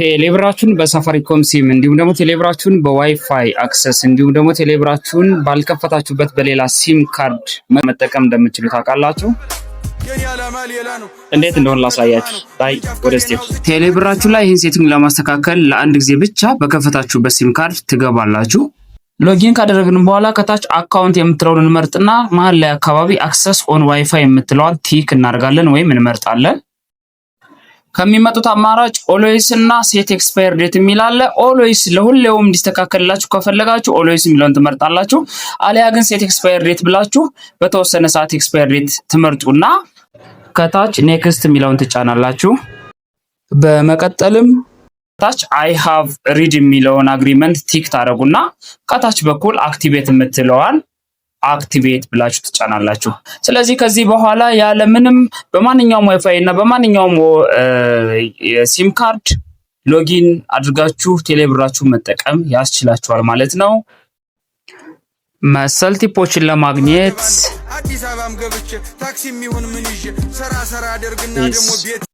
ቴሌብራችሁን በሳፋሪኮም ሲም እንዲሁም ደግሞ ቴሌብራችሁን በዋይፋይ አክሰስ እንዲሁም ደግሞ ቴሌብራችሁን ባልከፈታችሁበት በሌላ ሲም ካርድ መጠቀም እንደምችሉ ታውቃላችሁ። እንዴት እንደሆነ ላሳያችሁ። ላይ ወደ ስቴፕ ቴሌብራችሁ ላይ ይህን ሴቲንግ ለማስተካከል ለአንድ ጊዜ ብቻ በከፈታችሁበት ሲም ካርድ ትገባላችሁ። ሎጊን ካደረግን በኋላ ከታች አካውንት የምትለውን እንመርጥና መሀል ላይ አካባቢ አክሰስ ኦን ዋይፋይ የምትለዋን ቲክ እናደርጋለን ወይም እንመርጣለን። ከሚመጡት አማራጭ ኦሎይስ እና ሴት ኤክስፓየር ዴት የሚል አለ። ኦሎይስ ለሁሌውም እንዲስተካከልላችሁ ከፈለጋችሁ ኦሎይስ የሚለውን ትመርጣላችሁ። አሊያ ግን ሴት ኤክስፓየር ዴት ብላችሁ በተወሰነ ሰዓት ኤክስፓየር ዴት ትመርጡና ከታች ኔክስት የሚለውን ትጫናላችሁ። በመቀጠልም ከታች አይ ሃቭ ሪድ የሚለውን አግሪመንት ቲክ ታደረጉና ከታች በኩል አክቲቬት የምትለዋል አክቲቬት ብላችሁ ትጫናላችሁ። ስለዚህ ከዚህ በኋላ ያለምንም በማንኛውም ዋይፋይ እና በማንኛውም ሲም ካርድ ሎጊን አድርጋችሁ ቴሌብራችሁን መጠቀም ያስችላችኋል ማለት ነው። መሰል ቲፖችን ለማግኘት አዲስ አበባም ገብቼ ታክሲ የሚሆን ምን ይዤ ሰራ ሰራ አደርግና ደግሞ ቤት